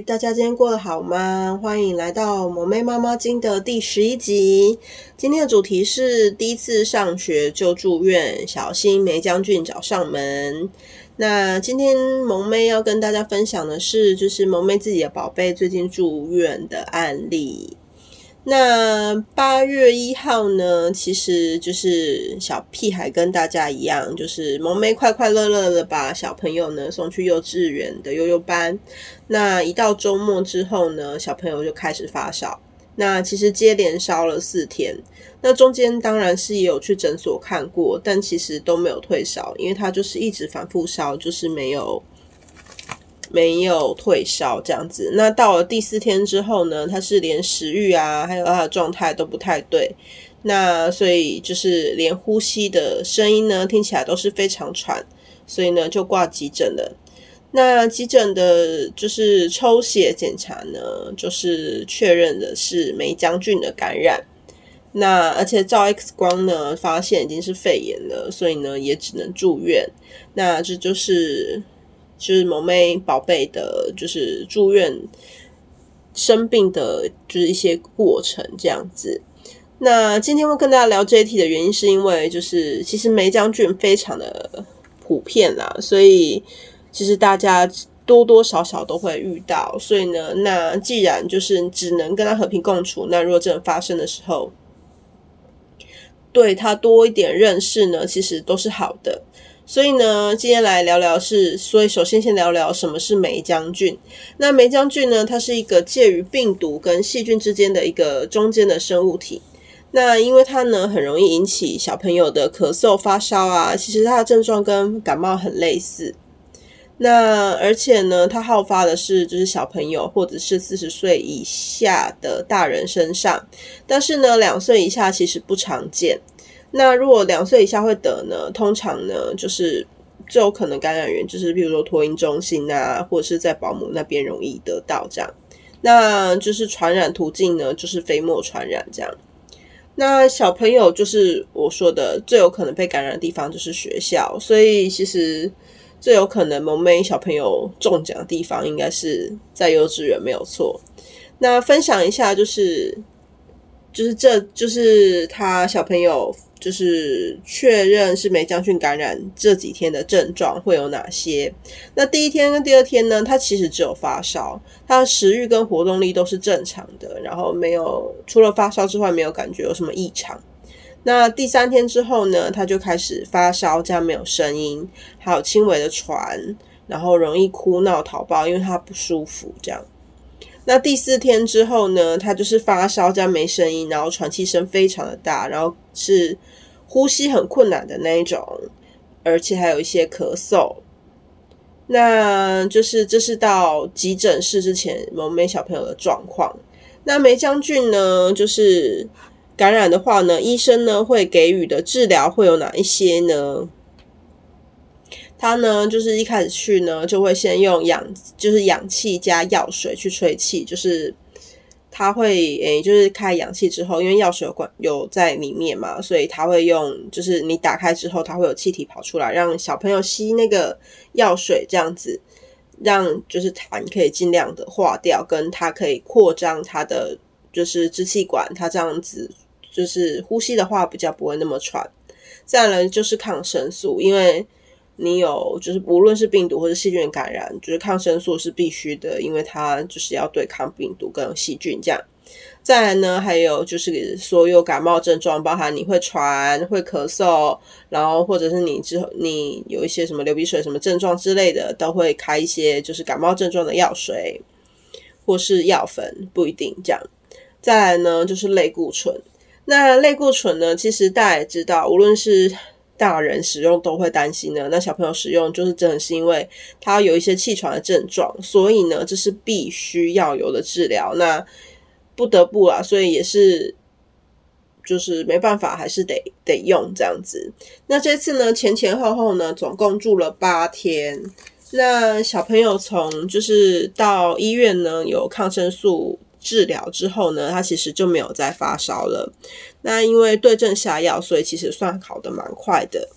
大家今天過得好嗎？歡迎來到萌咩媽媽經的第十一集。今天的主題是第一次上學就住院，小心黴漿菌找上門。那今天萌咩要跟大家分享的是，就是萌咩自己的寶貝最近住院的案例。那八月一號呢，其實就是小屁孩跟大家一樣，就是萌咩快快樂樂的把小朋友呢送去幼稚園的幼幼班。那一到周末之後呢，小朋友就開始發燒。那其實接連燒了四天，那中間當然是也有去診所看過，但其實都沒有退燒，因為他就是一直反覆燒就是沒有。沒有退燒這樣子，那到了第四天之後呢，他是連食慾啊，還有他的狀態都不太對，那所以就是連呼吸的聲音呢，聽起來都是非常喘，所以呢就掛急診了。那急診的就是抽血檢查呢，就是確認的是黴漿菌的感染，那而且照 X 光呢，發現已經是肺炎了，所以呢也只能住院。那這就是。就是萌咩寶貝的，就是住院生病的，就是一些過程這樣子。那今天會跟大家聊這一題的原因，是因為就是其實黴漿菌非常的普遍啦，所以其實大家多多少少都會遇到。所以呢，那既然就是只能跟他和平共處，那如果真的發生的時候，對他多一點認識呢，其實都是好的。所以呢，今天來聊聊是，所以首先先聊聊什麼是黴漿菌。那黴漿菌呢，它是一個介於病毒跟細菌之間的一個中間的生物體。那因為它呢，很容易引起小朋友的咳嗽、發燒啊，其實它的症狀跟感冒很類似。那而且呢，它好發的是就是小朋友或者是四十歲以下的大人身上，但是呢，兩歲以下其實不常見。那如果兩歲以下會得呢？通常呢，就是最有可能感染源就是，比如說托嬰中心啊，或者是在保姆那邊容易得到這樣。那就是傳染途徑呢，就是飛沫傳染這樣。那小朋友就是我說的最有可能被感染的地方就是學校，所以其實最有可能萌咩小朋友中獎的地方應該是在幼稚園沒有錯。那分享一下就是。就是這就是他小朋友，就是確認是黴漿菌感染這幾天的症狀會有哪些？那第一天跟第二天呢？他其實只有發燒，他的食欲跟活動力都是正常的，然後沒有除了發燒之外沒有感覺有什麼異常。那第三天之後呢？他就開始發燒，這樣沒有聲音，還有輕微的喘，然後容易哭鬧、討抱，因為他不舒服這樣。那第四天之後呢，他就是發燒，加沒聲音，然後喘氣聲非常的大，然後是呼吸很困難的那一種，而且還有一些咳嗽。那就是這是到急診室之前萌咩小朋友的狀況。那黴漿菌呢，就是感染的話呢，醫生呢會給予的治療會有哪一些呢？他呢，就是一開始去呢，就會先用氧，就是氧氣加藥水去吹氣，就是他會誒、欸，就是開氧氣之後，因為藥水有管有在裡面嘛，所以他會用，就是你打開之後，它會有氣體跑出來，讓小朋友吸那個藥水，這樣子讓就是痰可以盡量的化掉，跟它可以擴張它的就是支氣管，它這樣子就是呼吸的話比較不會那麼喘。再來就是抗生素，因為。你有就是，無論是病毒或是細菌感染，就是抗生素是必須的，因為它就是要對抗病毒跟細菌這樣。再來呢，還有就是所有感冒症狀，包含你會喘、會咳嗽，然後或者是你之後你有一些什麼流鼻水什麼症狀之類的，都會開一些就是感冒症狀的藥水或是藥粉，不一定這樣。再來呢，就是類固醇。那類固醇呢，其實大家也知道，無論是大人使用都會擔心呢，那小朋友使用就是真的是因為他有一些氣喘的症狀，所以呢這是必須要有的治療，那不得不啊，所以也是就是沒辦法，還是得得用這樣子。那這次呢前前後後呢總共住了八天，那小朋友從就是到醫院呢有抗生素。治療之後呢，他其實就沒有再發燒了。那因為對症下藥，所以其實算好的蠻快的。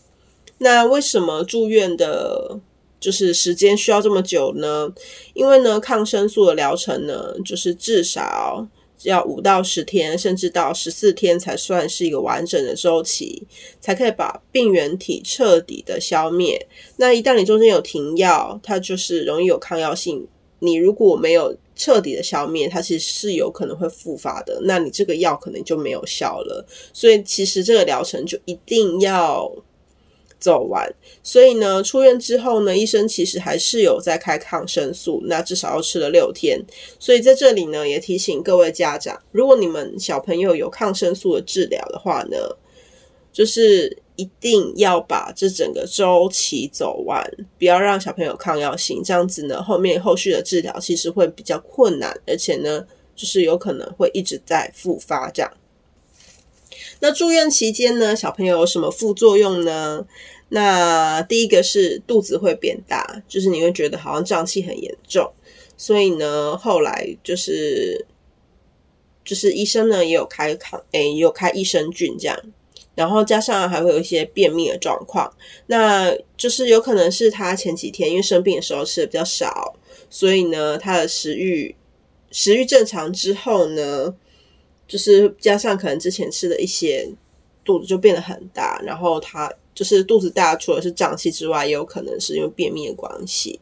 那為什麼住院的就是時間需要這麼久呢？因為呢，抗生素的療程呢，就是至少要五到十天，甚至到十四天才算是一個完整的周期，才可以把病原體徹底的消滅。那一旦你中間有停藥，它就是容易有抗藥性。你如果沒有。徹底的消滅它其實是有可能會復發的，那你這個藥可能就沒有效了。所以其實這個療程就一定要走完。所以呢，出院之後呢，醫生其實還是有在開抗生素，那至少要吃了六天。所以在這裡呢，也提醒各位家長，如果你們小朋友有抗生素的治療的話呢，就是。一定要把這整個周期走完，不要讓小朋友抗藥性，這樣子呢，後面後續的治療其實會比較困難，而且呢，就是有可能會一直在復發這樣。那住院期間呢，小朋友有什麼副作用呢？那第一個是肚子會變大，就是你會覺得好像脹氣很嚴重，所以呢，後來就是就是醫生呢也有開抗，欸，也有開益生菌這樣。然後加上還會有一些便秘的狀況，那就是有可能是他前幾天因為生病的時候吃的比較少，所以呢，他的食慾食慾正常之後呢，就是加上可能之前吃的一些，肚子就變得很大，然後他就是肚子大，除了是脹氣之外，也有可能是因為便秘的關係。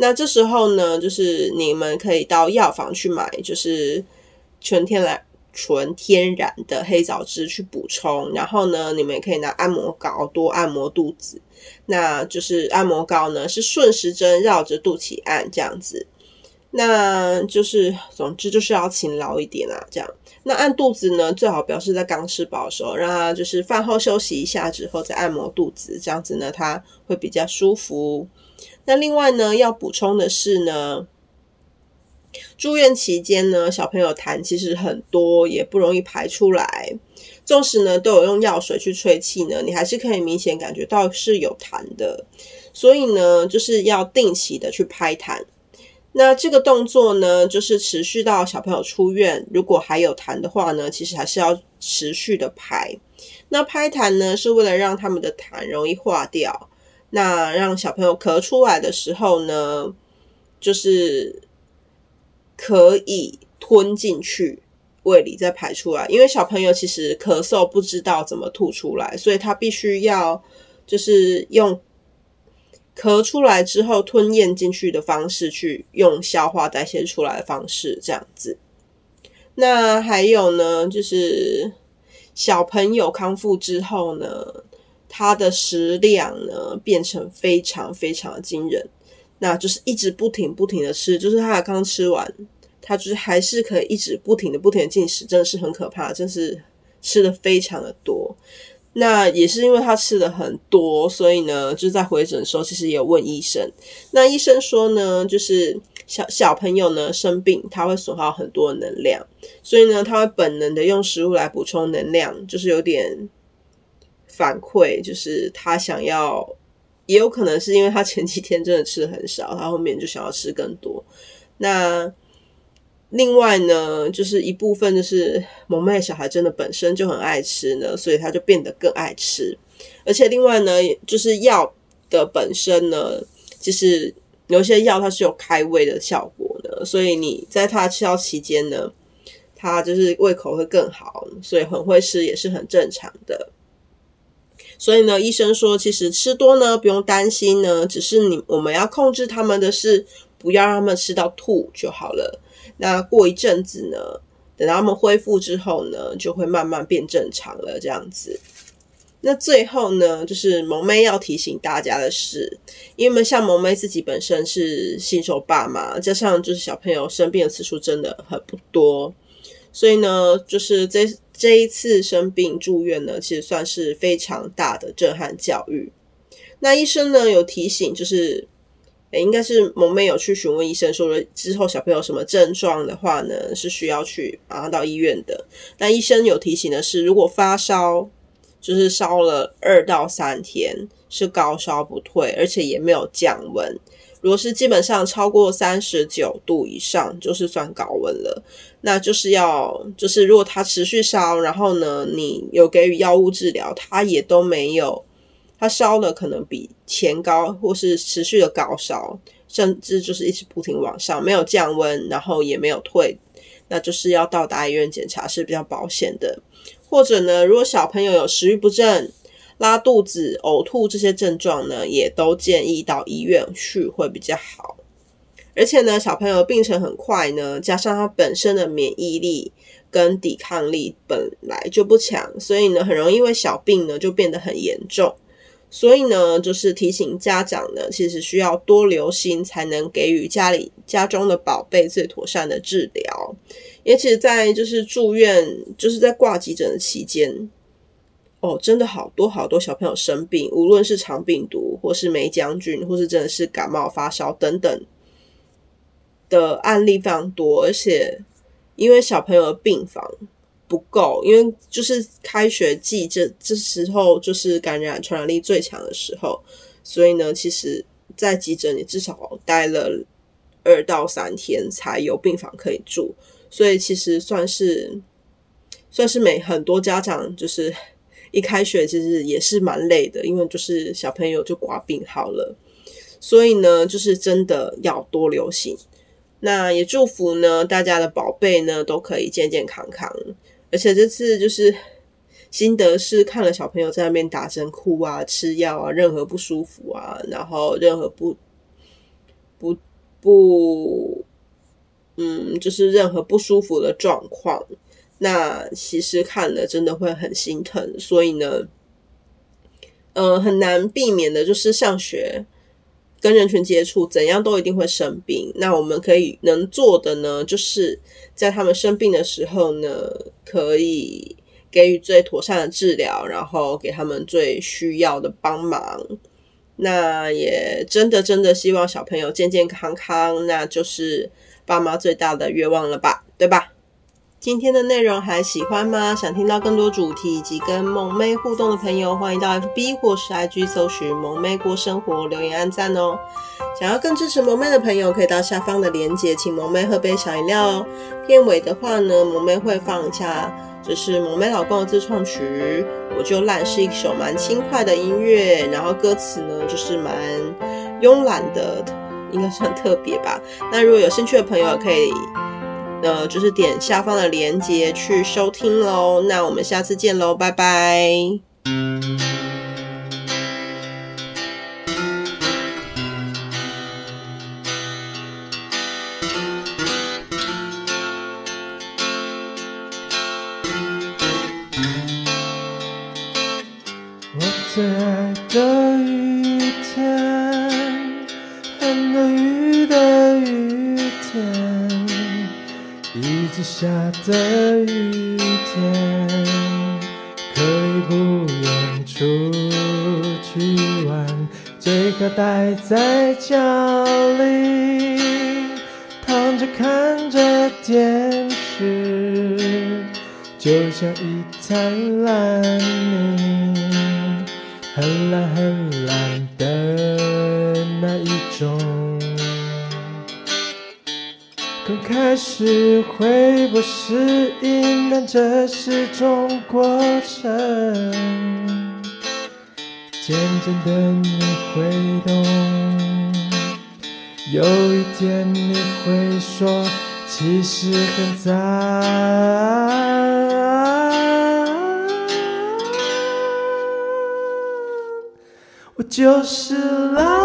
那這時候呢，就是你們可以到藥房去買，就是全天來。純天然的黑棗汁去補充，然後呢，你們也可以拿按摩膏多按摩肚子。那就是按摩膏呢，是順時針繞着肚臍按這樣子。那就是，總之就是要勤勞一點啊，這樣。那按肚子呢，最好表示在剛吃飽的時候，讓他就是飯後休息一下之後再按摩肚子，這樣子呢，它會比較舒服。那另外呢，要補充的是呢。住院期間呢，小朋友痰其實很多，也不容易排出來。縱使呢都有用藥水去吹氣呢，你還是可以明顯感覺到是有痰的。所以呢，就是要定期的去拍痰。那這個動作呢，就是持續到小朋友出院。如果還有痰的話呢，其實還是要持續的拍。那拍痰呢，是為了讓他們的痰容易化掉。那讓小朋友咳出來的時候呢，就是。可以吞進去胃裡，再排出來。因為小朋友其實咳嗽不知道怎麼吐出來，所以他必須要就是用咳出來之後吞嚥進去的方式，去用消化代謝出來的方式這樣子。那還有呢，就是小朋友康復之後呢，他的食量呢，變成非常非常的驚人。那就是一直不停不停的吃，就是他剛吃完，他就是還是可以一直不停的不停的進食，真的是很可怕，真是吃的非常的多。那也是因為他吃的很多，所以呢，就是在回診的時候，其實也有問醫生。那醫生說呢，就是小小朋友呢，生病，他會損耗很多的能量，所以呢，他會本能的用食物來補充能量，就是有點反饋，就是他想要。也有可能是因為他前幾天真的吃的很少，他後面就想要吃更多。那另外呢，就是一部分就是萌咩小孩真的本身就很愛吃呢，所以他就變得更愛吃。而且另外呢，就是藥的本身呢，就是有些藥它是有開胃的效果的，所以你在他吃藥期間呢，他就是胃口會更好，所以很會吃也是很正常的。所以呢，醫生說，其實吃多呢不用擔心呢，只是你我們要控制他們的是，不要讓他們吃到吐就好了。那過一陣子呢，等到他們恢復之後呢，就會慢慢變正常了。這樣子。那最後呢，就是萌咩要提醒大家的是，因為像萌咩自己本身是新手爸媽，加上就是小朋友生病的次數真的很不多，所以呢，就是這。這一次生病住院呢，其實算是非常大的震撼教育。那醫生呢有提醒，就是誒應該是萌咩有去詢問醫生說，說了之後小朋友什麼症狀的話呢，是需要去馬上到醫院的。那醫生有提醒的是，如果發燒就是燒了二到三天是高燒不退，而且也沒有降溫。如果是基本上超過三十九度以上，就是算高溫了。那就是要，就是如果它持續燒，然後呢，你有給予藥物治療，它也都沒有，它燒了可能比前高，或是持續的高燒，甚至就是一直不停往上，沒有降溫，然後也沒有退，那就是要到大醫院檢查是比較保險的。或者呢，如果小朋友有食欲不振。拉肚子、嘔吐這些症狀呢，也都建議到醫院去會比較好。而且呢，小朋友病程很快呢，加上他本身的免疫力跟抵抗力本來就不強，所以呢，很容易因為小病呢就變得很嚴重。所以呢，就是提醒家長呢，其實需要多留心，才能給予家裡家中的寶貝最妥善的治療。也其實在就是住院，就是在掛急診的期間。哦，真的好多好多小朋友生病，無論是腸病毒，或是黴漿菌，或是真的是感冒發燒等等的案例非常多，而且因為小朋友的病房不夠，因為就是開學季這這時候就是感染傳染力最強的時候，所以呢，其實在急診你至少待了二到三天才有病房可以住，所以其實算是算是每很多家長就是。一開學其實也是蠻累的，因為就是小朋友就掛病好了，所以呢，就是真的要多留心。那也祝福呢，大家的寶貝呢都可以健健康康。而且這次就是心得是看了小朋友在那邊打針哭啊、吃藥啊、任何不舒服啊，然後任何不不不，嗯，就是任何不舒服的狀況。那其實看了真的會很心疼，所以呢，呃，很難避免的就是上學跟人群接觸，怎樣都一定會生病。那我們可以能做的呢，就是在他們生病的時候呢，可以給予最妥善的治療，然後給他們最需要的幫忙。那也真的真的希望小朋友健健康康，那就是爸媽最大的願望了吧，對吧？今天的內容還喜歡嗎？想聽到更多主題以及跟萌咩互動的朋友，歡迎到 FB 或是 IG 搜尋“萌咩過生活”，留言按讚哦。想要更支持萌咩的朋友，可以到下方的鏈接，請萌咩喝杯小飲料哦。片尾的話呢，萌咩會放一下，這是萌咩老公的自創曲《我就懶》，是一首蠻輕快的音樂，然後歌詞呢就是蠻慵懶的，應該算特別吧。那如果有興趣的朋友，可以。的就是點下方的鏈接去收聽嘍。那我們下次見嘍，拜拜。睡刻待在家裡，躺着看着電視，就像一灘爛泥，很爛、很爛的那一種。剛開始會不適應，但這是種過程。漸漸的你會懂，有一天你會說，其實很在。我就是了。